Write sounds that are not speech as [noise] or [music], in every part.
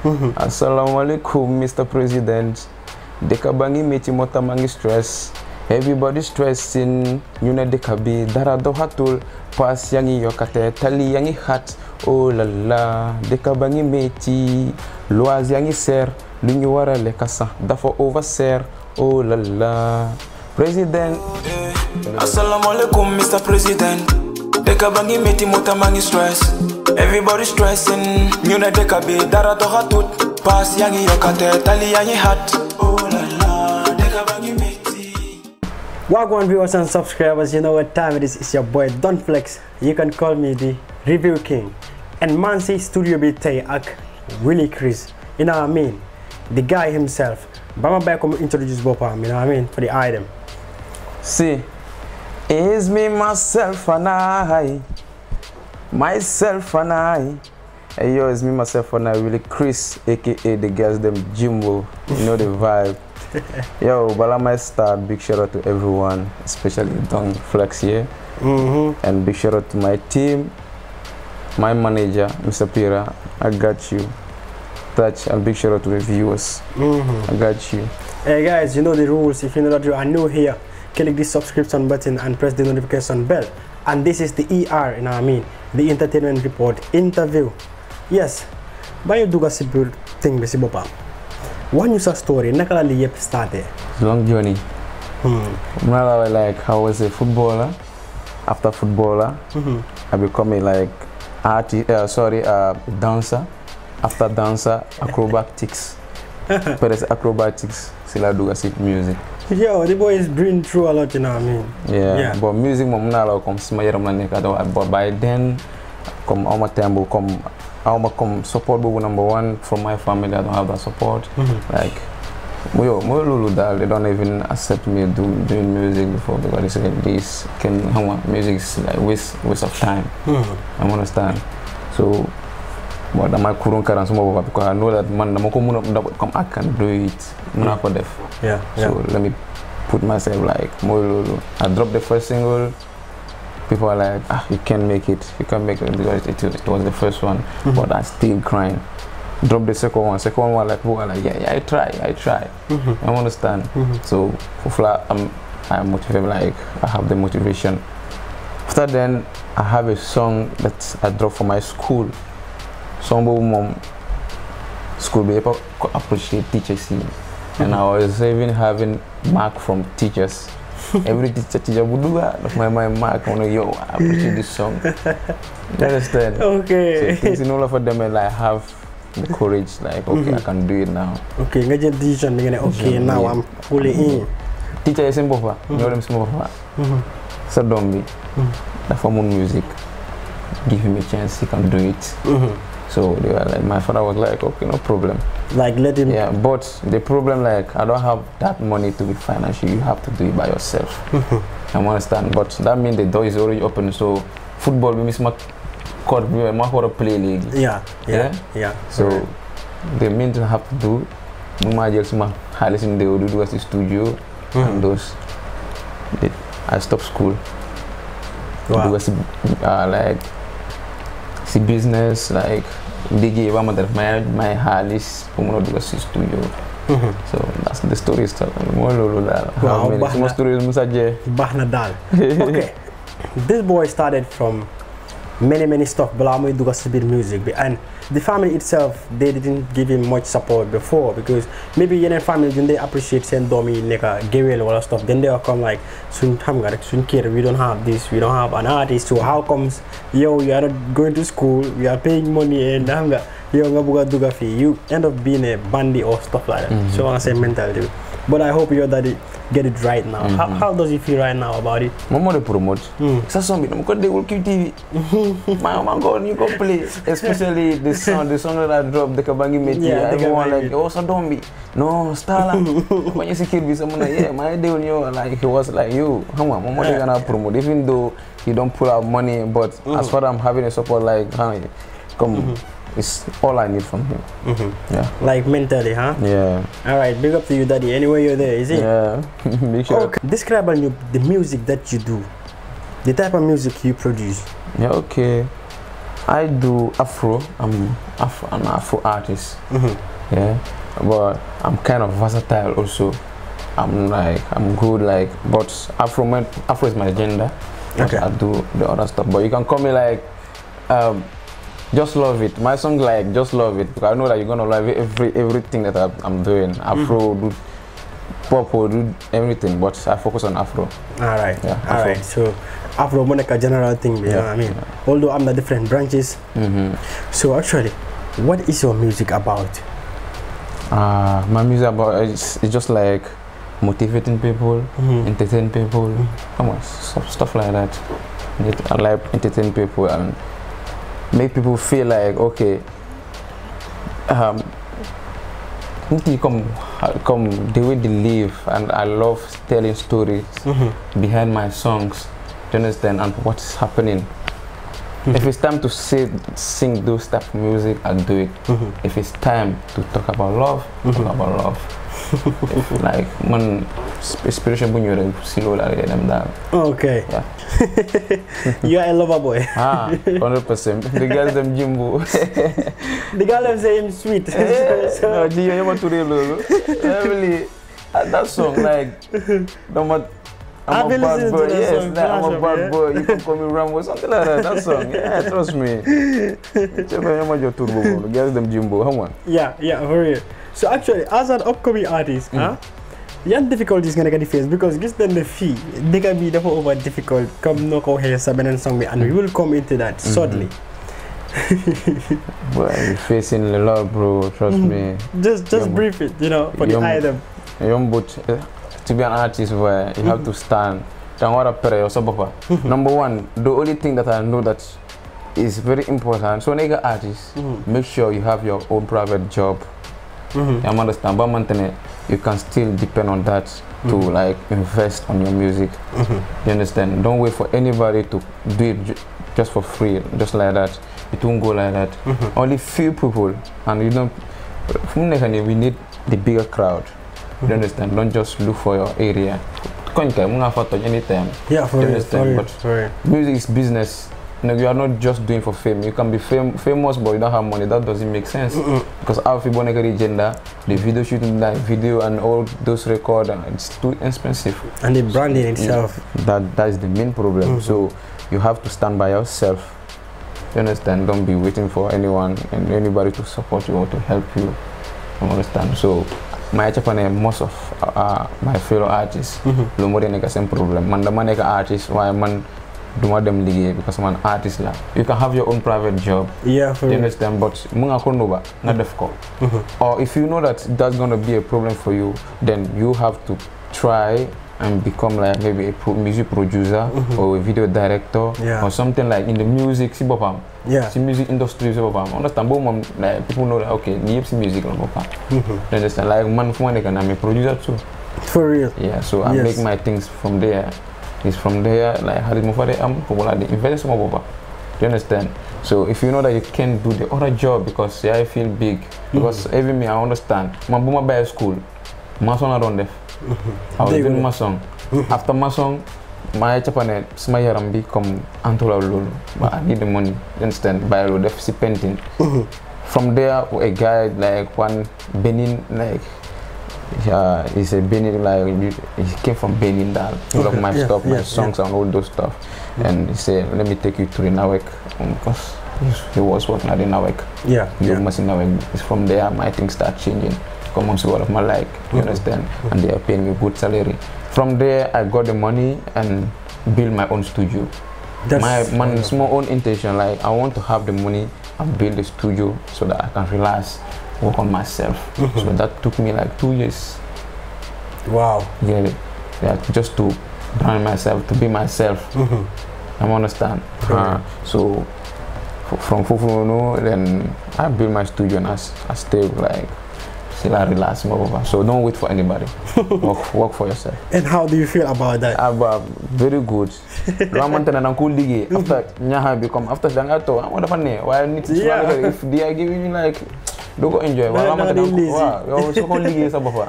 [laughs] Assalamualaikum, Mr. President. Dekabangi meti mangi stress. Everybody stressing, yuna dekabi dara dohatul pas yangi yokate tali yangi hat. Oh la la, dekabangi meti loaz yangi ser lunyu wara le kasa dafa over ser. Oh la la, President. Assalamualaikum, Mr. President. Take bangi meti mangi stress Everybody stressing be dara toha tut yangi yokate tali yangi hat Oh la la bangi meti Wagwan viewers and subscribers you know what time it is It's your boy Don Flex You can call me the Review King And man studio bi tay ak Willie Chris You know what I mean The guy himself Bama bay kom introduce bopam You know what I mean For the item See it's me, myself, and I. Myself and I. Hey, yo, it's me, myself, and I. Really, Chris, aka the girls, them Jimbo. You know the vibe. [laughs] yo, Balama Star, big shout out to everyone, especially Don Flex here. Mm -hmm. And big shout out to my team, my manager, Mr. Pira. I got you. Touch and big shout out to the viewers. Mm -hmm. I got you. Hey guys, you know the rules. If you know that you're new here click the subscription button and press the notification bell and this is the ER you know I mean the entertainment report interview yes you duga a simple thing bi si boppam wax story nakala la started long journey hmm. rather like how was a footballer after footballer mm -hmm. I become a like artist uh, sorry uh, dancer after dancer acrobatics [laughs] but it's acrobatics sila duga si music [laughs] Yo, the boy is been through a lot, you know what I mean? Yeah, yeah. but music mom come la kom sima yaram la nek adaw but by then come all my time will come all my come support bubu number one from my family I don't have that support mm -hmm. like my, muyo lulu They don't even accept me do, doing music before because they say this can music is like waste waste of time. Mm -hmm. I understand. So bon damaa couron karan suma boppam because I know that man dama ko mun a I can do it mun naa Yeah. Yeah. so let me put myself like mooy I dropped the first single people are like ah you can't make it you can't make it because it, it was the first one mm -hmm. but I still crying drop the second one second one like people are like yeah, yeah I try I try mm -hmm. I understand mm -hmm. so Fufla I'm I'm motivated like I have the motivation after then I have a song that I dropped for my school song boobu moom school bi yëpp a ko appreciate and I was even having mark from teachers [laughs] every teacher bu dugga daf may mark ma ne I appreciate this song [laughs] you understand okay so things noonu la fa demee like have I can do it now okay nga jël decision now I'm fully in teacher yi seen mhm. mhm. can do it mhm. So they were like, my father was like, okay, no problem. Like let him. Yeah, but the problem like I don't have that money to be financially. You have to do it by yourself. I [laughs] understand, but that means the door is already open. So football, we miss my court, we miss my to play league. Yeah, yeah, yeah. So the main thing have to do, we my just highest in the Odudu studio mm. and those. I stopped school. Wow. uh, like si business like liggéey ba mother daf my may xaalis pour mun a si studio mm-hmm. so that's the story mooy loolu daal waaw baax na story mu sajjee baax na [laughs] ok this boy started from many many stuff balaa muy dugg si bit music and the family itself they didn't give him much support before because maybe yeneen family duñ they appreciate seen doom gary and all that stuff then they will come like soon, time got rek soon, kër we don't have this we don't have an artist so how comes yo? you are not going to school you are paying money and xam nga yow nga bëgg a dugg fii you end up being a bandy or stuff like that mm-hmm. so on seen mentality but I hope you're that it, get it right now. Mm -hmm. how, mm-hmm. how, does it feel right now about it? Mama de promote. Mm. It's a song because they will keep TV. my oh my god, you go play. Especially the song, the song that I dropped, the Kabangi Meti. Yeah, everyone like, oh be. No, Stala. [laughs] when you see Kid someone like, yeah, my day when you like he was like you, How on, Mama gonna promote. Even though you don't pull out money, but mm -hmm. as far as I'm having a support like honey, come mm -hmm. It's all I need from him. Mm -hmm. Yeah. Like mentally, huh? Yeah. All right. Big up to you, Daddy. Anyway, you're there, is it? Yeah. Make [laughs] sure. Okay. Describe you, the music that you do, the type of music you produce. Yeah. Okay. I do Afro. I'm Afro. I'm an Afro artist. Mm -hmm. Yeah. But I'm kind of versatile also. I'm like I'm good like but Afro Afro is my gender. Okay. I do the other stuff. But you can call me like um, just love it. My song like just love it because I know that you're gonna love every everything that I, am doing. Mm-hmm. Afro, mm. do pop, do everything. But I focus on Afro. All right. Yeah, Afro. right. So Afro Monica general thing. You yeah. know what I mean? Yeah. Although I'm the different branches. Mm -hmm. So actually, what is your music about? Uh, my music about it's, it's just like motivating people, mm -hmm. entertain people, mm -hmm. stuff, stuff like that. It, I like entertain people and make people feel like okay um come come they will believe and i love telling stories mm -hmm. behind my songs do you understand and what's happening Mm -hmm. If it's time to sit, sing those type of music, i do it. Mm -hmm. If it's time to talk about love, mm -hmm. talk mm-hmm. about love. [laughs] like man inspiration orang silo la ga dem da okay ya. [laughs] you are a lover boy ah 100% the girls them jimbo [laughs] the girls them say him sweet eh, no di yo ma touré lolu really that song like no matter I'm I've a bad boy. Yes, song, I'm a bad yeah. boy. You can call me Rambo, something like that. That song. Yeah, trust me. Check out your turbo. Girls them Jimbo. Come on. Yeah, yeah, for real. So actually, as an upcoming artist, mm. huh, yan difficulty is gonna get face because just then the fee, they can be whole over difficult. Come no ko here sabi ng song and we mm. will come into that shortly. Mm -hmm. you're facing a lot, bro. Trust mm -hmm. me. Just just brief it, you know, for Yom, the item. Eh, to be an artist, where you mm -hmm. have mm-hmm. to stand. Mm-hmm. Number one, the only thing that I know that is very important. So, nigga artist, mm-hmm. make sure you have your own private job. Mm-hmm. understand? But maintenance, you can still depend on that to mm-hmm. like invest on your music. Mm-hmm. You understand? Don't wait for anybody to do it ju- just for free, just like that. It won't go like that. Mm-hmm. Only few people, and you don't. we need the bigger crowd. You mm-hmm. understand? Don't just look for your area. Konka, anytime. Yeah, for you understand? It, but it. music is business no, you are not just doing for fame. You can be fam famous, but you don't have money. That doesn't make sense. Mm -mm. Because our Fibonacci agenda, the video shooting, that video, and all those record, it's too expensive. And the branding so, itself. Yeah, that that is the main problem. Mm -hmm. So you have to stand by yourself. You understand? Don't be waiting for anyone and anybody to support you or to help you. You understand? So my Japan most of uh, uh, my fellow artists, mm -hmm. the more same problem. And the man artist, why man duma dem liggéey because man artist la you can have your own private job yeah for you understand but munga nga ko nuba mm-hmm. or if you know that that's going to be a problem for you then you have to try and become like maybe a pro music producer mm -hmm. or a video director yeah. or something like in the music si bopam yeah si music industry si bopam understand but mom like people know that okay ni yep si music la bopam mm-hmm. understand like man fu can I'm a producer too for real yeah so yes. I make my things from there is from there like how did Mufade am for what the invest more over. Do you understand? So if you know that you can do the other job because yeah, I feel big. Hmm. Because mm -hmm. even me I understand. My boomer by school. My son I don't def. I was doing my song. After my song, my chapane sama yaram bi comme entourage lolu. But I need the money. You understand? By def si painting. Hmm. From there a guy like one Benin like Yeah, uh, he's a Benin, like he came from Benin, that all of my yeah, stuff, yeah, my songs yeah. and all those stuff. Mm. And he said, let me take you to the Nawek, because um, he was working at the Nawek. Yeah. You yeah. In Nawek. It's from there my things start changing. Come on, see all of my like, you understand? And they are paying me good salary. From there, I got the money and build my own studio. That's my my small own intention, like I want to have the money and build a studio so that I can relax work on myself. Mm-hmm. So that took me like two years. Wow. Yeah, yeah, just to brand myself, to be myself. Mm-hmm. I understand. Okay. Uh, so f- from Fufuno, then I built my studio and I, I stay like still I relax more over. So don't wait for anybody. [laughs] work, work for yourself. And how do you feel about that? About ah, very good. Ramonten [laughs] and Uncle Digi after mm-hmm. Nyaha become after Zangato, I wonder if they are giving me like doo go enjoy wala ma danga ko waaw yow soo ko liggéey sa bopp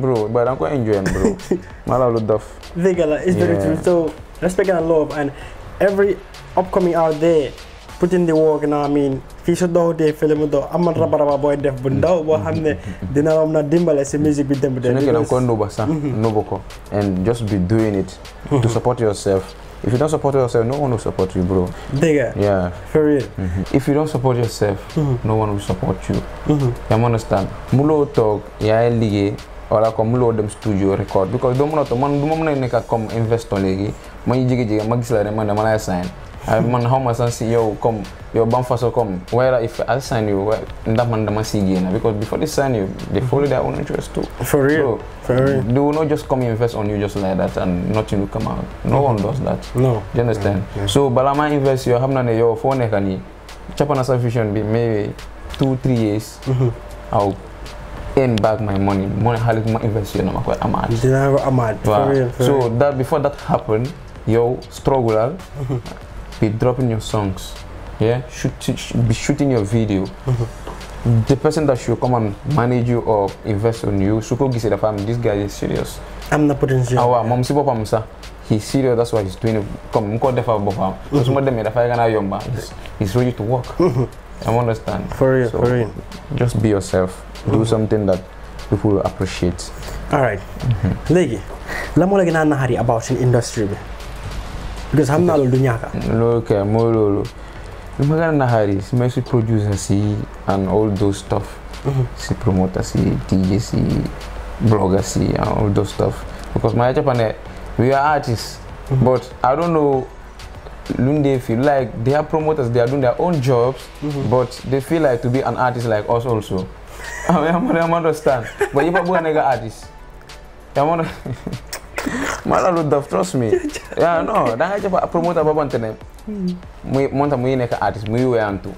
bro ba danga ko enjoy bro [laughs] maa la lu dof dëgg la it's very true so respect and love and every upcoming out there put in the work na I mean fii su doxutee fële film dox amal raba raba booy def bu ndaw boo xam ne dina la mën dimbale si music bi dem dem su nekkee danga ko nuuba sax ko and just be doing it to mm-hmm. support yourself If you don't support yourself, no one will support you, bro. Digga. Yeah. For real. Mm -hmm. If you don't support yourself, mm -hmm. no one will support you. Mm -hmm. You understand? Mulo talk, yeah, lige. wala comme mu loo dem studio record because doo mën a toog man du ma mën a nekk comme investor léegi ma jege jege ma gis la ne man dama lay sign man xaw ma sax si yow comme yow ban façon comme whether if I sign you ndax man dama si génn because before they sign you they follow their own will not just come invest on you just like that and nothing will come out no one does that. you understand. so balaa maa invest yow xam naa ne yow foo nekk nii capana sa vision bi maybe two three years. Mhm. I'll earn back my money money xaalis bu ma invest yow na ma koy amaat. dinaa so that before that happen yow struggle be dropping your songs, yeah, shoot, should be shooting your video. Mm -hmm. The person that should come and manage you or invest on you, should go say the family, this guy is serious. I'm not putting serious. Our mom, si papa msa, he's serious. That's why he's doing it. Come, mko defa bofa. Because more than me, defa yana yomba. He's ready to work. Mm -hmm. I understand. For real, so, for real. Just be yourself. Mm -hmm. Do mm-hmm. something that people appreciate. All right. Mm -hmm. Legi, lamu lagi na nahari about the industry because xam naa loolu du ñaaka. loolu kay I'm lu ma gën a naxaari si may si producer si and all those stuff. Mm-hmm. si promoter si DJ si blogger si and all those stuff because my Japan eh, we are artists. Mm-hmm. but I don't know. Lunde feel like they are promoters, they are doing their own jobs, mm-hmm. but they feel like to be an artist like us also. [laughs] I am understand. but you are an artist. I'm [laughs] malah lu daf trust me. ya no, da nga jafa promote apa ntene. Mu mu monta mu yine ka artist mu yiwe antu.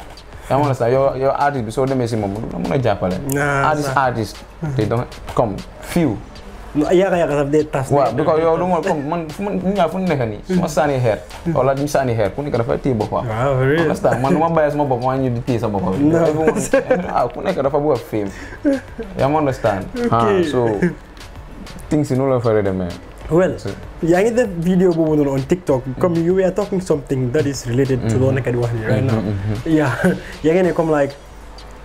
Kamu mo sa yo yo artist bi so mau, mesi mo mu na japa le. Artist artist they don't come few. Ya kayak ya ka de tas. Wa because yo lu mau come man man nya fun ne ini Mo sani hair. olah dim sani hair kun ka dafa ti bo kwa. Ah, very. Understand man mo bayar semua bapak mo nyu sama bapak nah aku kwa. Ah, kun fame. Ya mau understand. Okay. so things in all of them. Well, hmm. in the video on TikTok. Hmm. Come you are talking something that is related to the hmm. nak right now. Yeah, [laughs] yeah, ini come like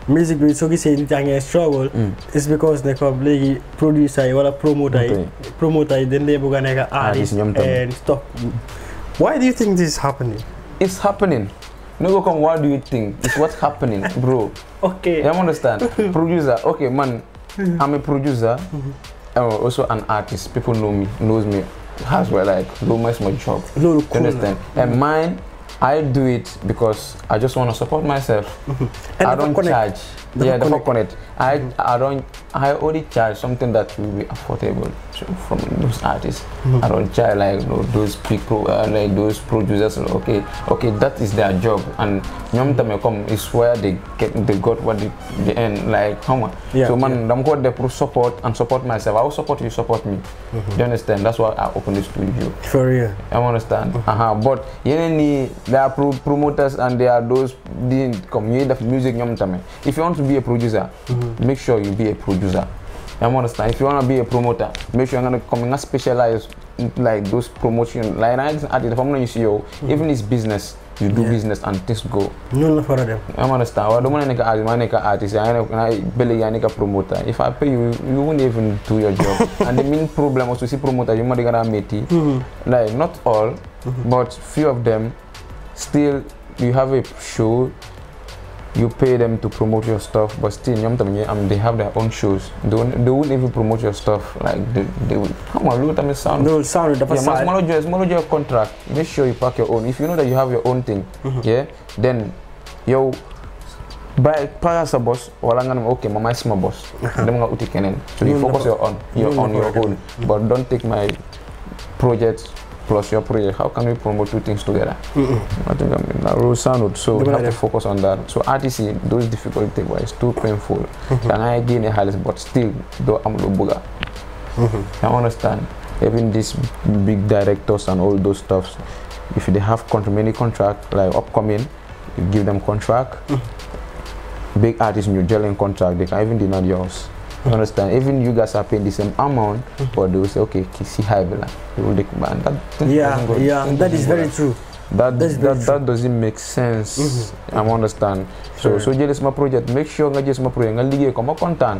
music video so say yang yang struggle is because nak come producer, produce wanna promote ay promote ay then dia bukan nak ah, artist and Why do you think this is happening? It's happening. No go come. What do you think? It's what's happening, bro. [laughs] okay. I understand? [laughs] Producer. Okay, man. I'm a producer. I'm oh, also an artist. People know me, knows me. Has where like Loma's my job. No, cool. understand? Mm. And mine, I do it because I just want to support myself. Mm-hmm. I don't connect. charge. the yeah, whole the connect. I mm -hmm. I don't. I only charge something that will be affordable to, from those artists. Mm -hmm. I don't charge like you know, those people, uh, like those producers. Okay, okay, that is their job, and nyomtame mm-hmm. come is where they get they got what they, And end like how much. Yeah, so man, yeah. I'm going to support and support myself. I will support you, support me. Mm -hmm. You understand? That's why I open this studio. For real. I understand. Mm -hmm. uh -huh. But you know, there are pro promoters and there are those the community of music If you want to be a producer, mm -hmm. make sure you be a producer. I understand. If you wanna be a promoter, make sure you're gonna come and specialize like those promotion. Like I at the formula you see, yo, even it's business. You do yeah. business and things go. No, no, for them. I understand. Well, the money I artist, money I artist, I belly, I promoter. If I pay you, you won't even do your job. [laughs] and the main problem was to see promoter, you might gonna meet it. Like not all, mm -hmm. but few of them still you have a show you pay them to promote your stuff but still ñoom um, they have their own shows they they won't even promote your stuff like they, they will on look at me sound no sound the yeah, small ma small joxe contract make sure you pack your own if you know that you have your own thing mm -hmm. yeah then yow by pass a boss wala i'm ne ok ma may boss [laughs] dem so you focus your on your on your own but don't take my project plus your project, how can we promote two things together? Mm -mm. I think I mean that will sound good. So we have to focus on that. So RTC, those difficult things, it's too painful. Mm -hmm. Can I gain a highlight, but still, though I'm no booger. I mm-hmm. understand. Even these big directors and all those stuffs, if they have con many contract, like upcoming, you give them contract. Mm. Big artists, New are contract, they can even deny yours. You understand? Even you guys are paying the same amount, but they will say, okay, kiss high bill. Yeah, yeah, that is very true. That that, that, that doesn't make sense. Mm -hmm. I understand. So sure. so jadi my project, make sure nggak jadi semua project nggak liga content. kontan.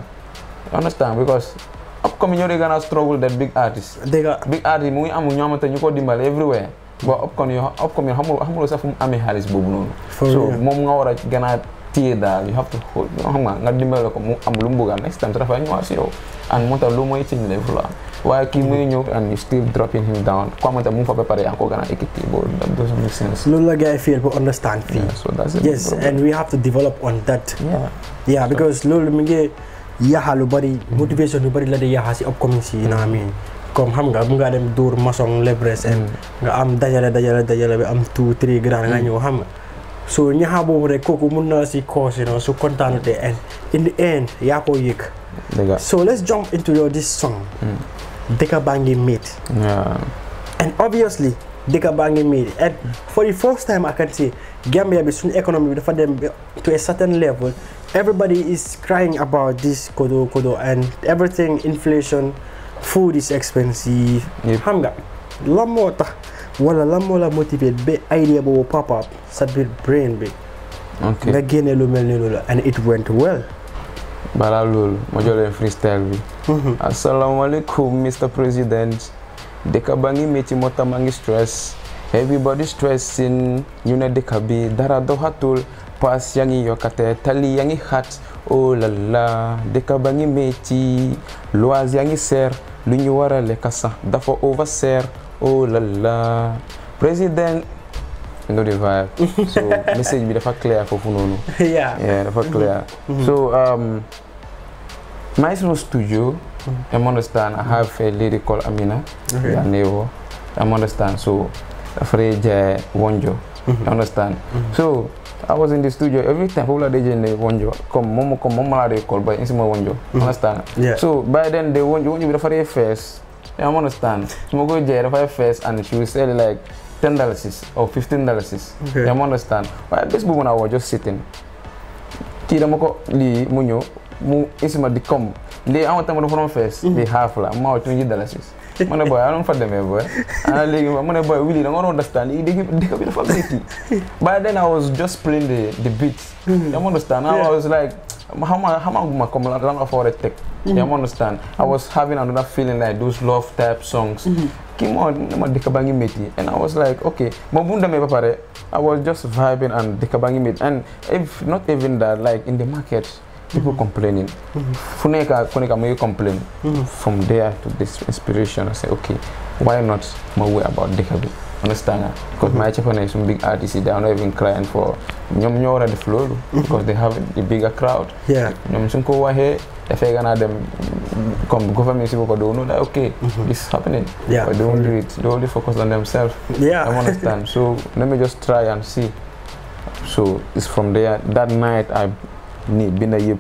Understand? Because upcoming you're gonna struggle that big artists. They got big artists. Mui amu nyaman tu nyuko dimbal everywhere. But upcoming upcoming hamu hamu lo sa fum ame halis bubunun. So mau ngawara gana tea you have to hold ma ngaddi mel ko mu am lumbu gan next time trafa ñu wasi yow and mo ta lu moy ci level la waye ki muy ñew and you still dropping him down ko mo ta mu fa préparer encore gana équipe bo that doesn't make sense lolu la guy feel pour understand fee so that's it yes and we have to develop on that yeah yeah because lolu mi ngi yaha lu bari mm. motivation lu bari la de yaha ci upcoming si you know what i mean comme xam nga bu nga dem door maçon lebres and mm. nga am dajale dajale dajale bi am 2 3 grand nga mm. ñew xam nga so you have kooku mun na si cause you know su de and in the end yaa ko yëg so let's jump into your this song dëkka baa ngi and obviously dëkka baa ngi and for the first time I can say Gambia bi suñu économie be for them to a certain level everybody is crying about this kodo kodo and everything inflation food is expensive xam nga lan wala lan moo la motivé ba idea boobu pop up sa biir brain bi. ok nga génne lu mel ni loolu and it went well. balaa loolu ma jox leen freestyle bi. Mhm. asalaamaaleykum Mr President. dëkk ba ngi métti moo tax a ngi stress. everybody stressing ñu ne dëkk bi dara doxatul paas yaa ngi yokkate tali yaa ngi xat oh la dëkk ba ngi ci loise yaa ngi seer lu ñu war a lekk sax dafa over seer. o oh la la président you know the so [laughs] message bi dafa clear foofu noonu yeah dafa mm-hmm. clear mm-hmm. so um, my studio I'm mm-hmm. understand I have a lady called Amina okay. yeah, neighbor understand so afraid uh, Wonjo mm understand so I was in the studio every time people are DJing they wonjo come momo come momo they call wonjo understand so by then they wonjo wonjo with the first You don't understand. You go going to verify first and she will sell like ten dollars or fifteen dollars. Okay. You understand? But this book I was just sitting. Tira mo ko li munyo mu isima di kom. Li ang tama from first di mm-hmm. half la mo twenty dollars. Mana boy, I don't for them eh, boy. And like mana boy really I don't understand. They give they give the facility. [laughs] But then I was just playing the the beats. Mm-hmm. You understand? I was like how am I, how am I come along for a tech? Mm -hmm. You mm-hmm. understand? Mm -hmm. I was having another feeling like those love type songs. Mm-hmm. Came on, dikabangi meti, and I was like, okay, mabunda me papare. I was just vibing and dikabangi meti, and if not even that, like in the market. People mm -hmm. complaining. Mm-hmm. Funeka kuneka mwe complain. From there to this inspiration, I say, okay, why not my way about Dekabi? understand because my ngi is some big artist. they are not even crying for nyom ñoo the flow mhm. because they have the bigger crowd yeah suñ ko waxee dafay gën a dem comme government people, do not ah, know that okay mhm. it's happening but they won't do it they only focus on themselves yeah I understand so [laughs] let me just try and see so it's from there that night I been a yip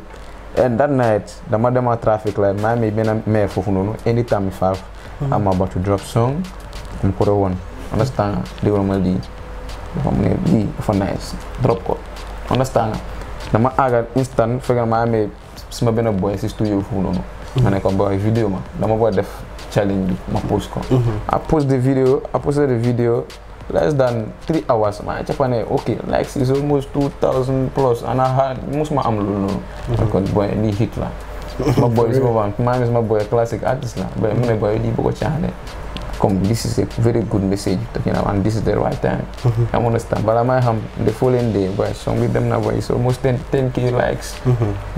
and that night the dema traffic light maa mi benn maire foofu noonu anytime if i mhm. I'm about to drop song mu put a one. Understand? Di diwroma di, dafa mu di, lii nice drop ko Understand? na ma aga instant fega ma amee suma bena boy si studio fu noonu mhm. ma ne ko boy vidéo ma dama boy def challenge bi ma post ko a mhm. post the video a post the video less than three hours ma capane ok likes is almost 2000 plus and I had most ma am lulu because boy ni hit la ma boy is ma boy my boy classic artist la but my boy di boko chané Come, this is a very good message you know and this is the right time mm -hmm. I understand i may have the following day boy song with them now, boy it's almost ten ten k likes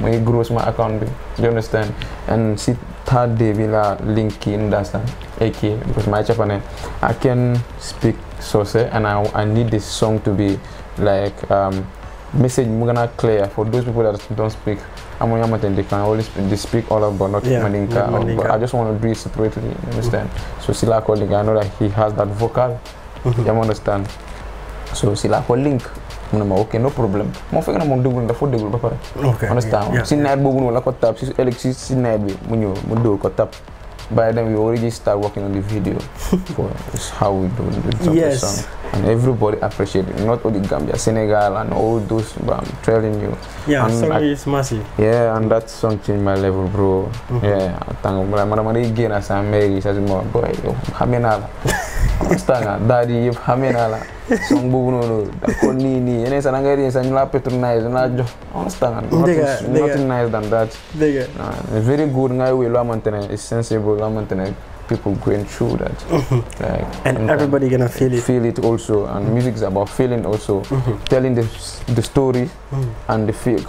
may grow ma account you understand and see, third day we la link in. understand ak because my Japanese, I can speak Sose and I, I need this song to be like um, message mugana clear for those people that don't speak Amoyama then they can always speak, they speak all of but not yeah, Maninka. Maninka. But I just want to do it separately, you understand? Mm-hmm. So Sila calling, I know that he has that vocal, mm-hmm. you understand? So Sila calling, munama okay no problem mo fek na mo deglu dafa deglu ba pare okay understand yeah, yeah, si yeah. nawet bobu non la ko tap si elexis si nawet bi mu ñew mu do ko tap by then we already start working on the video [laughs] for how we do the yes. song. And everybody appreciate it. Not only Gambia, Senegal and all those but I'm telling you. Yeah, and song I, is massive. Yeah, and that song changed my level bro. Mm -hmm. Yeah. Thank Madam again as I'm married, as my boy, how many [laughs] Astaga, dari yëpp xamee naa la song boobu noonu ko nii nii yeneen sax nga ri sax ñu la patronize na jox astaga nothing nice than that dégg nga very good ngay wéy loo xamante ne is sensible loo xamante ne people going through that mm-hmm. like, and, and everybody gonna feel it feel it also and music is about feeling also mm-hmm. telling the, story mm-hmm. and the feel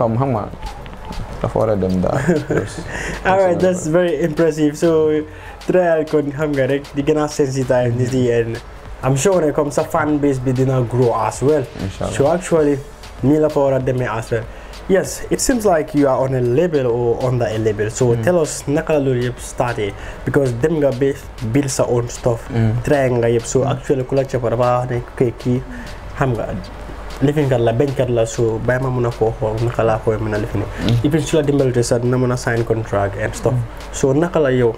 I've ordered them that. [laughs] Alright, that's very impressive. So, trial kon xam nga rek di gën a sensitize nit yi mm-hmm. and I'm sure when it comes to fan base bi dina grow as well. Inshallah. So actually nii la fa war as well. Yes, it seems like you are on a label or under a label. So mm. tell us naka la loolu because dem nga ba build sa own stuff. Mm. Try nga yep. so mm. actually ku la ca fa dafa ne lifinkat la bañkat la so bàyyi ma mun a koo xool naka laa koy mën a lifini mm. even su la dimbalte sax dina mën a sign contract and stuff mm. so naka la yow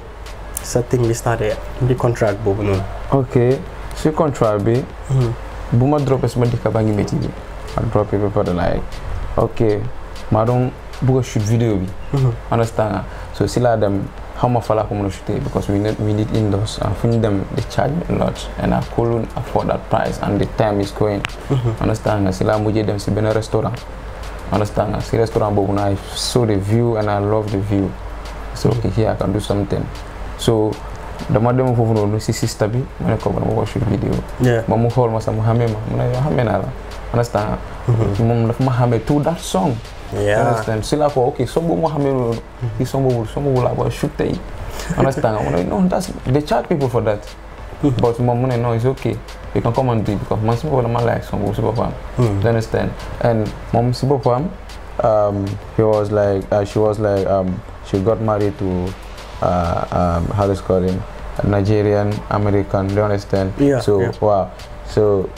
sa thing bi starté di contract boobu noonu ok si contract bi mm. bu ma droppé suma dëkka baa ngi métti bi ma droppé ba pare like ok maa doon bëgg a shoot vidéo bi mm-hmm. understand so si laa how much fala community because we need we need indoors and for them charge a lot and I couldn't afford that price and the time is going. Mm-hmm. Si la mujé dem si ben restaurant. Understand? Si restaurant bobu I saw the view and I love the view. So mm-hmm. okay, I can do something. So dama dem foofu noonu si sista bi ma ne ko ma watch your video ma mu xool ma sax mu xamee ma mu ne yow xamee naa la understand moom dafa ma xamee tout that song Yeah. Understand? So like, okay, some people have some people, some people like, shoot they. Understand? I'm like, no, that's they charge people for that. Hmm. but my money, no, it's okay. You can come and do it because my people do like some people. Mm. You understand? And some people, um, he was like, uh, she was like, um, she got married to, uh, um, how call him, Nigerian American. Do you understand? Yeah. So yeah. wow. So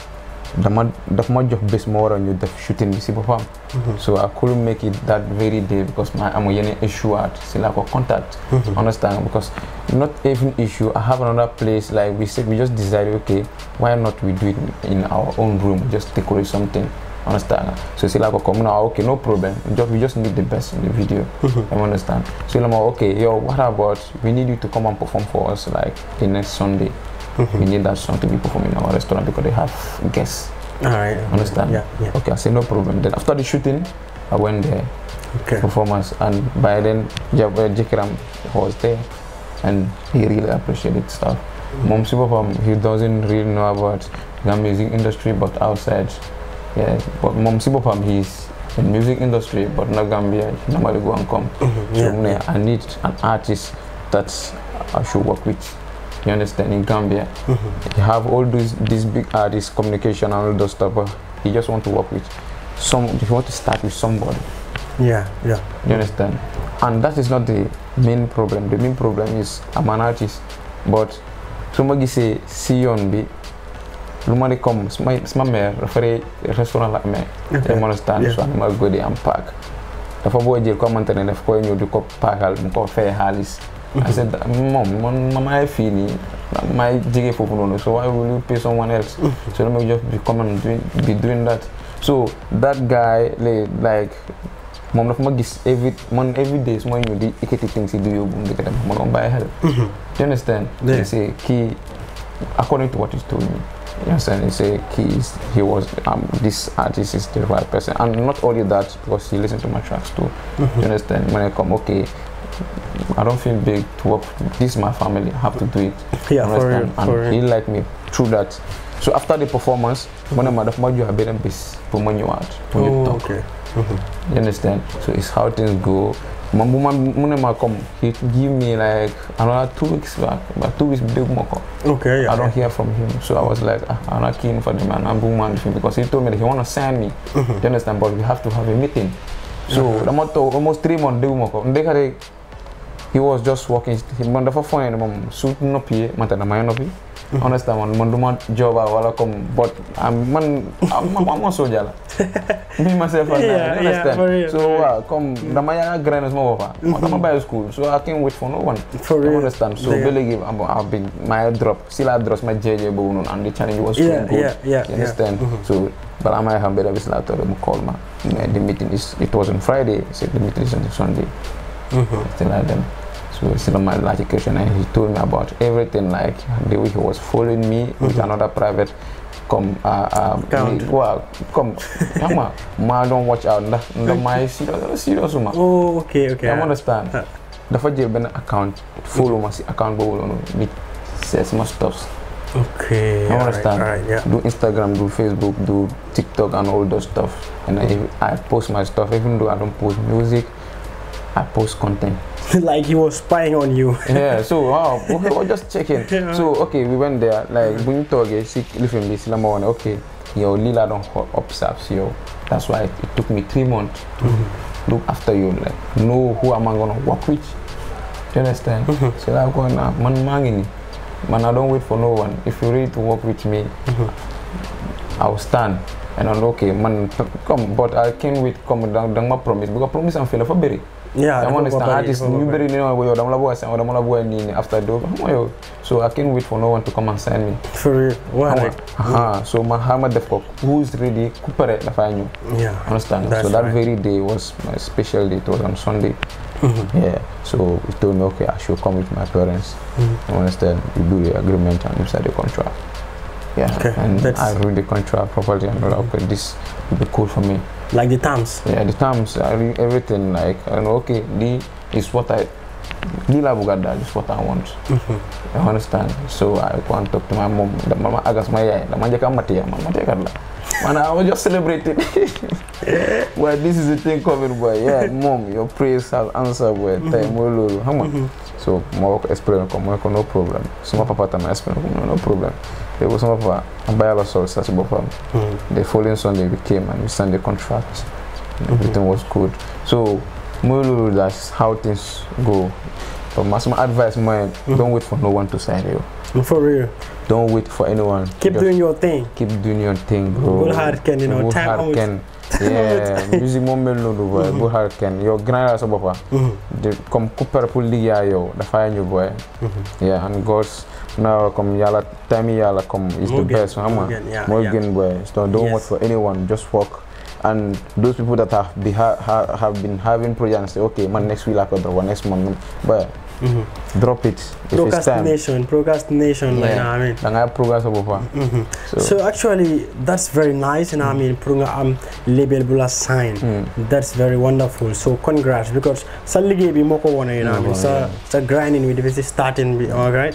dama daf ma jox bés ma waroon ñu def shooting bi si boppam. Mhm. so I couldn't make it that very day because ma amu yeneen issue at si laa ko contact. Mhm. understand because not even issue I have another place like we said we just decided okay why not we do it in our own room just decorate something. understand so sila ko come now okay no problem just we just need the best in the video mhm. understand so I'm like okay yo what about we need you to come and perform for us like the next Sunday Mm-hmm. We need that song to be performed in our restaurant because they have guests. All right. Understand? Yeah, yeah. Okay, I say no problem. Then after the shooting, I went there. Okay. Performance and by then, Jekram uh, was there, and he really appreciated stuff. Mm-hmm. Mom he doesn't really know about the music industry, but outside, yeah. But Mom Sibopam, he's in music industry, but not Gambia. Nobody go and come. Mm-hmm. Yeah. So, yeah, I need an artist that I should work with. you understand, in Gambia. Mm -hmm. You have all these, these big artists, uh, communication and all those stuff, but just want to start with somebody. Yeah, yeah. And that is not the main problem. The main problem is I'm artist, but somebody say, see you on beat. lu ma di comme su ma su ma mère dafa dee restaurant la amee. te ma understand so ma godi am paak. dafa boo jël ko xamante daf koy ñëw di ko paakal mu ko fay xaalis. I said, Mom, my ma my fii nii maay jege so why will you pay someone else mm-hmm. so let me just be come and doing, be doing that so that guy like Mom, of ma gis every man every day su may you di ikkati things he do, you di You dem ma buy bàyyi mm-hmm. you understand yeah. say Key, according to what he told me you understand he say kii he was um, this artist is the right person and not only that because he listened to my tracks too mm-hmm. you understand When I come, okay I don't feel big to work. This is my family. I have to do it. Yeah, for real, for real. He liked me through that. So after the performance, when I'm out of my job, I didn't be when you out Oh, you talk. Okay. Mm-hmm. You understand? So it's how things go. My woman, come. He give me like another two weeks back, but two weeks big moko. Okay. Yeah, I don't hear from him, so I was like, ah, I'm not keen for the man. I'm woman because he told me that he wanna sign me. Mm-hmm. You understand? But we have to have a meeting. So I'm almost three months. They he was just working man dafa foyé ne moom su noppi man tam damay noppi understand mm-hmm. man man du ma jooba wala comme but man am ma sooja la [laughs] me myself and I understand so waaw comme mm-hmm. dama yaa graine suma boppa ma mm-hmm. dama bàyyi school so I can't wait for no one for real understand so ba léegi I've been my drop si la drop My jeejee boobu noonu and the challenge was really good you understand so but I am might have better business later call ma the meeting is it was on Friday so the meeting is on Sunday mm -hmm. something like that. So he said my education and he told me about everything like the way he was following me mm -hmm. with mm-hmm. another private come uh, um, well [laughs] come come ma don't watch out no my serious serious ma oh okay okay i understand The dafa jël ben account follow my account bobu lonu bi says ma stops okay i understand right, yeah. do instagram do facebook do tiktok and all those stuff and mm -hmm. I, I post my stuff even though i don't post music I post content. [laughs] like he was spying on you. [laughs] yeah, so wow, ah, okay, well, just checking. Yeah. So okay, we went there, like when you talk, see listen, this number one, okay, your Lila don't observe you. That's why it, it, took me three months to mm-hmm. look after you, like know who am I gonna work with. You understand? Mm-hmm. So I'm going uh, man mangini. Man, I don't wait for no one. If you're ready to work with me, mm-hmm. I'll stand. And I'm okay, man, come, but I came with come down, down my promise because promise I'm feeling for berry yeah, I want to understand artist nobody knew what I'm gonna say I'm gonna do after do so I can't wait for no one to come and sign me for real what uh-huh. so Muhammad Defkok who's really Kupare Lafanyu yeah understand That's so that right. very day was my special day it was on Sunday mm -hmm. yeah so he told me okay I should come with my parents mm -hmm. understand we do the agreement and we sign the contract yeah okay. and That's I read the contract properly and all that okay this will be cool for me like the terms? Yeah, the terms, everything. Like, and okay, this is what I, this is what I want. Mm-hmm. I understand. So I go and talk to my mom. The mama agas my yai. The manja kamati ya. Mama take her And I was just celebrating. [laughs] well, this is the thing coming, boy. Yeah, [laughs] mom, your prayers have answered, boy. Time will How much? So, more experience, no problem. So, my papa, my experience, no problem there was some of our Bayaba Soul started mm. The following Sunday we came and we signed the contract. Mm-hmm. Everything was good. So Mulu, that's how things go. But my, my advice, man, mm-hmm. don't wait for no one to sign you. Hmm, for real. Don't wait for anyone. Keep Just doing your thing. Keep doing your thing, bro. Go hard, can you know? Go time hard, can. [laughs] yeah, music moment no do boy, hmm. go hard can. Your grind as a buffer. The come cooper pull the yo, the fire new boy. Hmm. Yeah, and God's now come yala time yala come is the best hamma more gain boy so don't wait for anyone just work and those people that have be ha, ha, have been having projects say okay man next week I could drop next month but mm -hmm. drop it if procrastination procrastination yeah. like, I mean and I progress over mm -hmm. so. so actually that's very nice and mm -hmm. I mean prunga am um, label bula sign mm. that's very wonderful so congrats because sa liggéey bi moko wona you know I mean mm, sa sa grinding with this starting be all right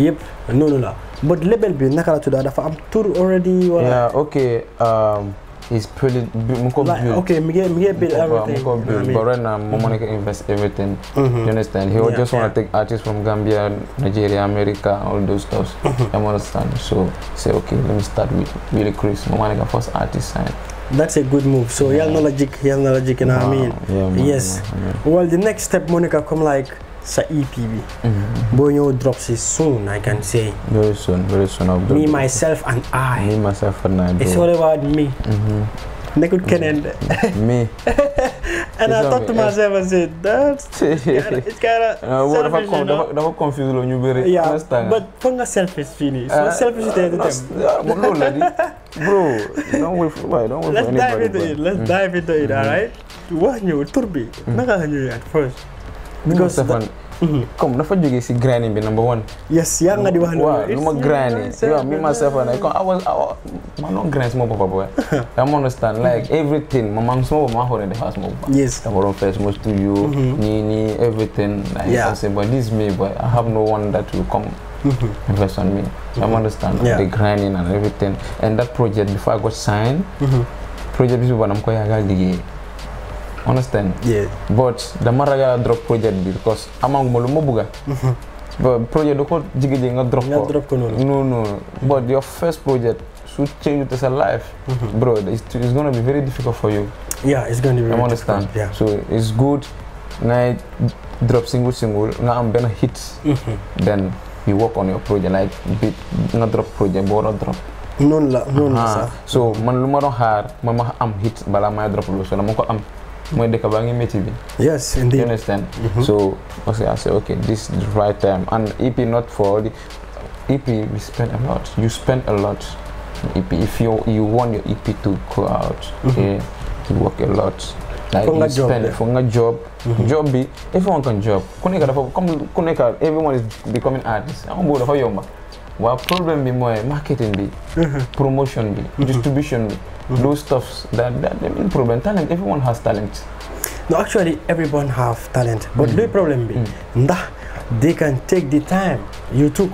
Yep, no no no but label be nakala to that. i'm tour already well, yeah okay um it's pretty muko like, build. okay me get build muko, everything muko build. but right now Momonika mm -hmm. invest everything mm -hmm. you understand he yeah, just want to yeah. take artists from Gambia Nigeria America all those stuff mm -hmm. you understand so say okay let me start with Billy Chris Momonika first artist sign that's a good move so yeah. he has no logic he has no logic you know what I mean yeah, man, yes man, man. well the next step Monica come like sa EP bi. Mm-hmm. boo ñëw drop si soon I can say. very soon very soon of me myself and I. me myself and I. it's all about me. Mm-hmm. nekkul mm-hmm. keneen de. [laughs] me. [laughs] and I thought to myself and said that. [laughs] it's kind uh, of selfish you know dafa confuse loo ñu bëri. yeah but foog nga selfish fii nii. so selfish tey du dem. loolu la di bro don't wait for why don't wait for anybody. let's mm. dive into it let's dive into it all right. wax ñëw tur bi. naka nga ñëwee at first. because Stefan mhm. comme dafa jógee si grinding bi number one. yes yaa nga di wax. waaw lu ma grinding yow mi myself and I comme I was man no grind suma bopp boy. [laughs] dama understand like everything ma man suma bopp ma xoolee defar suma bopp. yes dama doon fay suma studio. Mhm. nii nii everything. like I say but this me boy I have no one that come. Mhm. invest on me. So I understand yeah. the grinding and everything. And that project before I got signed, mm -hmm. project is one I'm going understand yeah but dama ragal a drop project bi because amaguma lu ma bëgga [laughs] project du ko jigéen ji nga drop ko drop ko noonu no no but your first project should change it as a life mhm. bro it's, it's gonna be very difficult for you yeah it's gonna be very drop single single nga am benn hit mhm. then you work on your project like nga drop project boo war a drop so man lu ma doon xaar man ma am hit balaa may drop lu so dama ko am mooy dëkk baa ngi métti bi. yes you understand. Mm-hmm. so I say okay this is the right time and EP not for all e we spend a lot you spend a lot EP if you want your EP to go out. Mm you work a lot. like for you spend for nga job. Mm -hmm. job bi everyone can job ku nekk dafa comme ku everyone is becoming artist am boobu dafa yomba waaw problème bi mooy marketing bi. Mm-hmm. promotion bi. distribution bi. mm. do stuffs that, that improve problem talent everyone has talent no actually everyone have talent but mm. the problem be mm. they can take the time you took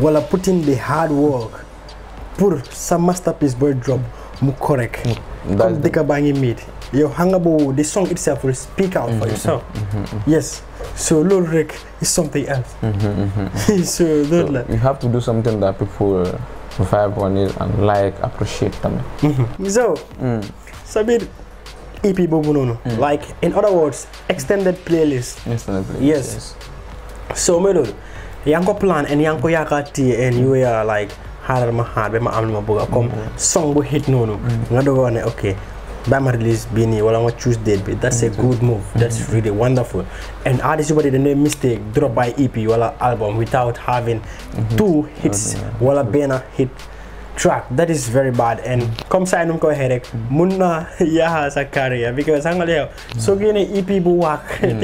while putting the hard work pour some masterpiece boy drop mu correct hmm. comme dika bangi meet yow hanga bo oh, the song itself will speak out for yourself mm-hmm. mm-hmm. yes so lol is something else mm-hmm, [laughs] so, so you have to do something that people subscribe on it and like appreciate tamit mm-hmm. so mm. sabir EP boobu noonu mm. like in other words extended playlist extended playlist yes, yes. so mooy loolu yaa ngi ko plan and yaa ngi ko yaakaar téye and you were like xaaral ma xaar ba ma am lu ma bëgg a comme mm. song bu hit noonu nga doog a wax ne ok by my release bini I want choose date that's a mm-hmm. good move that's mm-hmm. really wonderful and artists the name mistake drop by EP while album without having mm-hmm. two hits oh, wala benn hit track that is very bad and come ça num ko waxee rek mun na yaaxa sa career because I'm gonna génnee EP bu waak work.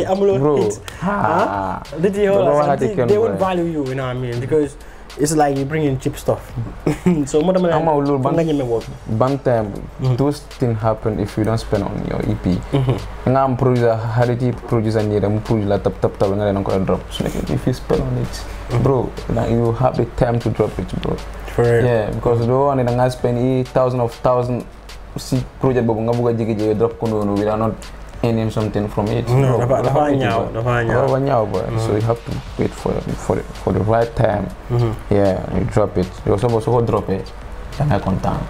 they won't value you you know what I mean because it's like you bring in cheap stuff. [laughs] so what am I? I'm a bank, bank time. Mm-hmm. Those things happen if you don't spend on your EP. Mm-hmm. Now I'm producer, Harity producer, and I'm producer, tap tap tap, and then I'm gonna drop. So like, if you spend on it, mm-hmm. bro, like you have the time to drop it, bro. For real. Yeah, because the one going to spend thousands of thousands. See project, but I'm gonna drop. We are not earning something from it. No, no dafa the dafa ñaaw dafa ñaaw so mm. you have to wait for for for the right time. Mm -hmm. yeah you drop it You to drop it. And I come down.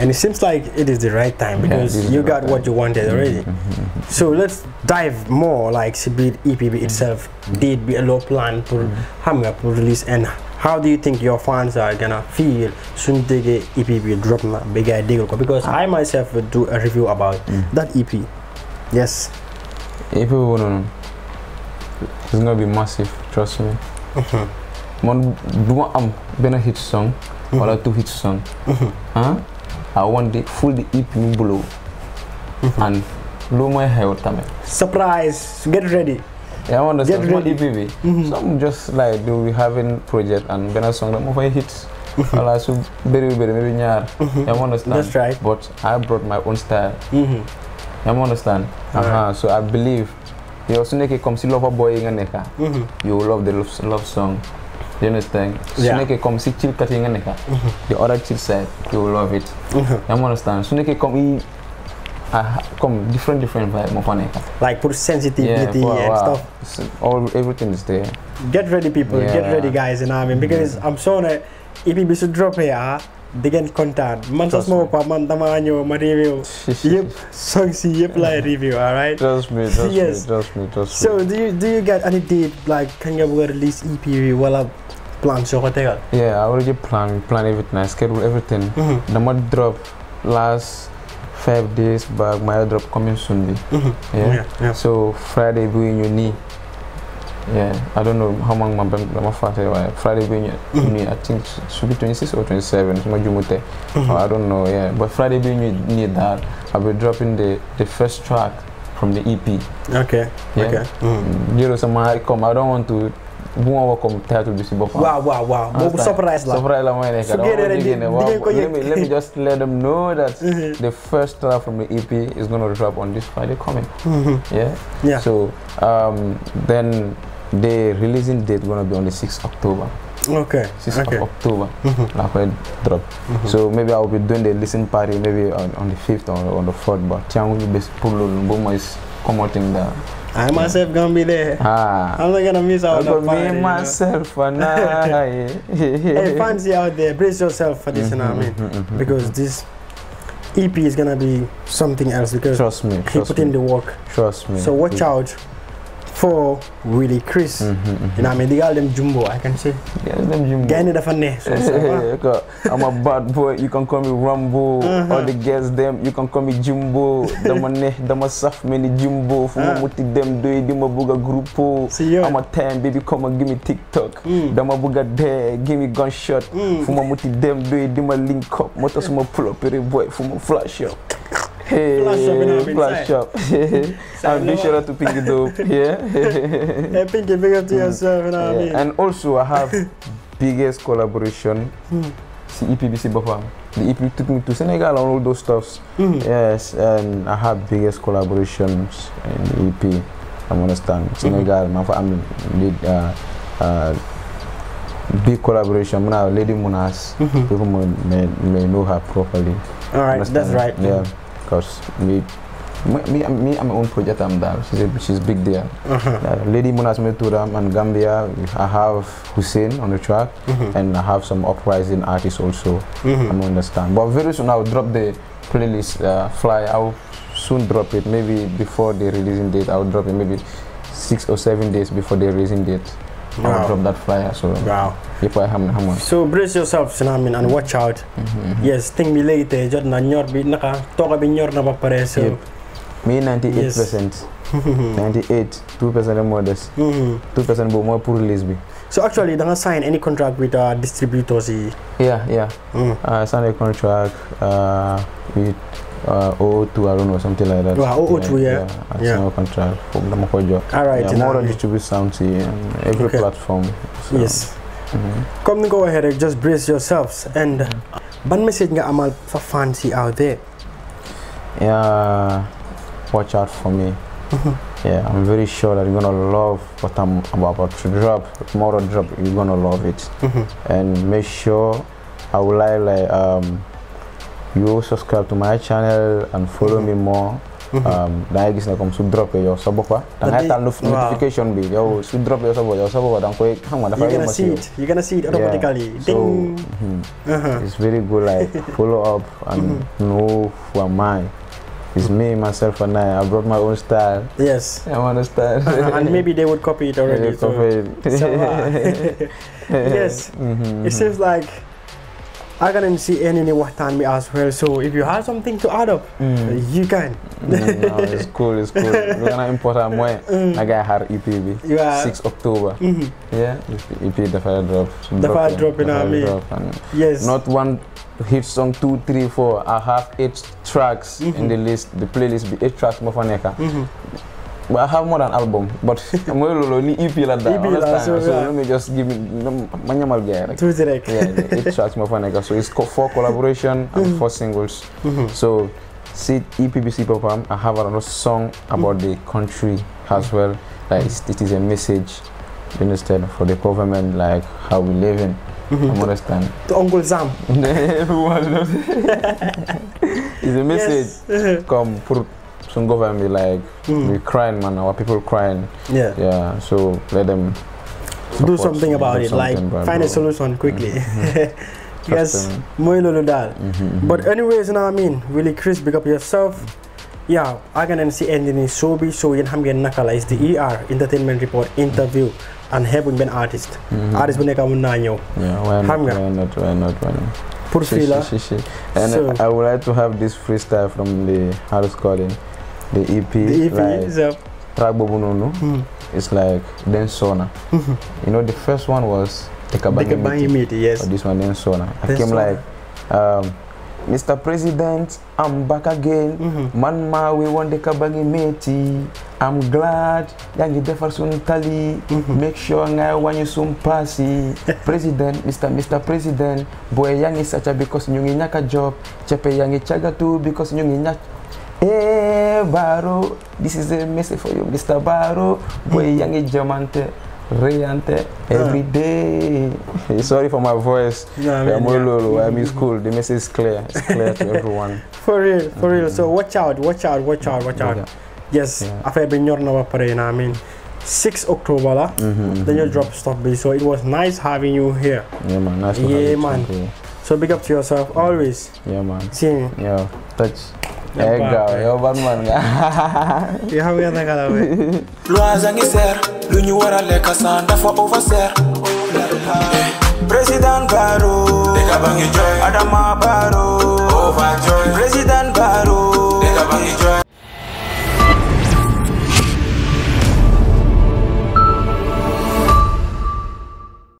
and it seems like it is the right time because yeah, you got right what you wanted mm-hmm. already. Mm -hmm. so let's dive more like Sibid EPB itself mm-hmm. did be a low plan for xam nga pour release and how do you think your fans are gonna feel soon they get EPB drop na bigger deal because ah. I myself will do a review about mm -hmm. that EP. Yes. If people wouldn't, it's gonna massive. Trust me. Mm-hmm. Man, do am been a hit song or a mm-hmm. two hit song. Mm-hmm. Huh? I want the full the EP below and blow my hair tamel. Surprise! Get ready. Yeah, I understand. Get ready. EPV. Mm -hmm. just like do we having project and been a song that move hits. well, I should very very maybe nyar. I understand. But I brought my own style. You understand? All uh-huh. So I believe you also make it come see lover boy in neka. Mm-hmm. You love the love, love song. you understand? Yeah. So make it come see chill cat in neka. Mm-hmm. The other chill side, you will love it. Mm-hmm. You understand? So make it come uh, come different different vibe like for sensitivity yeah, for, and wow. stuff so all everything is there get ready people yeah. get ready guys and i mean mm-hmm. because mm. i'm showing. that if you should drop here di ngeen kontaan man sax sama bopp man damaa ñëw ma review [laughs] yep song si yep laay review all right trust me trust yes. me trust me trust me so do you do you get any date like can you bëgg a release EP bi wala plan soo ko tegal yeah I already plan plan everything I schedule everything mm-hmm. dama drop last five days but my drop coming soon bi mm-hmm. yeah so Friday bi ñu nii yeah, I don't know how long my my father Friday being me mm-hmm. I think should be 26 or 27. So much mm-hmm. I don't know. Yeah, but Friday being near that. I'll be dropping the the first track from the EP. Okay. Yeah? Okay. Mm-hmm. Mm. You know, some I come. I don't want to bu ma comme title bi si boppam. waaw waaw waaw surprise la surprise la mooy let me just let them know that [laughs] the first track from the EP is gonna drop on this Friday coming. yeah. yeah. so um, then the releasing date gonna be on the 6th October. Okay. 6th okay. of October. Mm -hmm. I'll drop. Mm -hmm. So maybe I'll be doing the listening party maybe on, on the 5th or on the 4th. But Tiangu is promoting the I myself yeah. gonna be there. Ah. I'm not gonna miss out on the party. Me you know? myself and [laughs] I. hey, fancy out there, brace yourself for this. Mm -hmm, you know what I mm-hmm, mean? Mm -hmm, because this EP is gonna be something else. Because trust me, he put in the work. Trust me. So watch yeah. out for Willie Chris. Mhm, mhm, mhm. you know what I mean they call Jumbo I can say. dafa ne. so ça [laughs] I'm a bad boy you can call Rambo. Uh-huh. all the girls dem you can call Jumbo. dama ne dama saf mel ni Jumbo. fu ma uh-huh. muti dem doy di ma bugg a groupo. si yo I'm a time baby come and give me mm. dama bugg a dee give me gunshot. Mm. fu ma muti dem doy di ma link up moto suma pull up boy fu ma flash up. flash up I'm Flash up. and [laughs] be sure to pick it up. [laughs] Yeah. yeah pick it, pick up to mm. yourself, you know yeah. what I mean? And also, I have biggest collaboration. Hmm. EPBC Bafam. The EP took me to Senegal and all those stuffs. Mm Yes, and I have biggest collaborations in the EP. I understand hmm. Senegal. Mm -hmm. I'm lead, uh, uh, big collaboration. Muna Lady Munas. Mm -hmm. People may, may know her properly. All right, understand? that's right. Yeah course me me, me am my own project i am there she's, a, she's big there uh -huh. uh, lady Munas Meturam and Gambia I have Hussein on the track mm -hmm. and I have some uprising artists also mm -hmm. I don't understand but very soon I'll drop the playlist uh, fly I'll soon drop it maybe before the releasing date I'll drop it maybe six or seven days before the releasing date I drop that flyer. So wow. if I have hammer. So brace yourself, you know what I mean, and watch out. Mm -hmm. Yes, think me later. Jot na nyor bi naka toka bi nyor na bakpare so. Yep. Me 98 percent. [laughs] Yes. 98, two percent more this. Mm-hmm. Two percent more pour release bi. So actually, do you sign any contract with uh, distributors? Yeah, yeah. Mm. Uh, I signed a contract uh, with uh, 02 Arun or something like that. Wow, ah, 02, yeah. yeah. yeah. Arsenal contract from Lamokojo. All right. Yeah, Mora distributes Sound to every okay. platform. So. Yes. Mm -hmm. Come go ahead and just brace yourselves. And ban message nga amal for fancy out there? Yeah, watch out for me. Mm-hmm. yeah, I'm very sure that you're gonna love what I'm about to drop. Tomorrow drop, you're gonna love it. Mm -hmm. And make sure I will like, like um, you subscribe to my channel and follow me more da ngay gis ne drop your sa boppa da ngay notification bi yow drop your sa boppa yow sa boppa da nga koy xam see it, you're you gonna see it automatically so hmm. uh-huh. it's very good like [laughs] follow up and mm-hmm. know who am I It's me, myself, and I. I brought my own style. Yes. I want uh-huh. and maybe they would copy it [laughs] already. copy it. [laughs] Uh, yes. Mm -hmm. It mm-hmm. seems like I can not see any what time as well. So if you have something to add up, mm. you can. Mm, no, it's cool, it's cool. [laughs] We're gonna import a more. Mm. I got her EPB. Yeah. 6 October. Mm -hmm. Yeah. EP the fire drop. The drop fire in, drop in army. Yes. Not one hit song two, three, four. I have eight tracks mm -hmm. in the list. The playlist be eight tracks more for -hmm. But I have more than album. But [laughs] mooy loolu ni EP la daal. EP la so yeah. let me just give me ma ñamal gars rek. tuuti yeah eight tracks more fun. so it's four collaboration and mm-hmm. four singles. Mm-hmm. so see EP bi si I have another song about mm-hmm. the country as well like it is a message you understand for the government like how we live in. I understand. To Uncle Sam. Everyone [laughs] [laughs] It's a message. Yes. Come, put some government be like mm. we crying man our people crying yeah yeah so let them do something about do it something like find a solution quickly mm -hmm. [laughs] yes more than that but anyways you know what i mean really chris big up yourself yeah i can see ending in sobi so yen ham gen nakala is the er entertainment report interview and helping ben artist mm-hmm. artist bu nekk come naa ñëw xam nga why not why not why not pour fii la and so. i would like to have this freestyle from the house calling the EP, the EP like, is up. track Bobu Nunu. Mm. It's like then Sona. Mm -hmm. You know, the first one was Tekabangi Miti. Yes. Or this one then Sona. I then came Sona. like, um, Mr. President, I'm back again. Mm -hmm. Man ma we want the kabangi meti. I'm glad yangi Jefferson Tali. Mm -hmm. Make sure you soon sumpasi. [laughs] President, Mr. Mr. President, boy yang is such a because nyungi nyaka job. Chepe yangi chaga too because nyungi nyaka Hey, eh, Baro, this is a message for you, Mr. Baro. Boy, hmm. young Jamante, Rayante, ah. every day. Sorry for my voice. No, I mean, I'm, yeah. I'm in school. The message is clear. It's clear to everyone. [laughs] For real, for real. So mm-hmm. watch out, watch out, watch out, watch out. Yes, after I've been your number, you I mean? 6 October, mm -hmm, then you mm-hmm. drop stop B. So it was nice having you here. Yeah, man. Nice yeah, man. So big up to yourself always. Yeah, man. See you. Yeah, touch eggaw yow ban man nga we président Adama président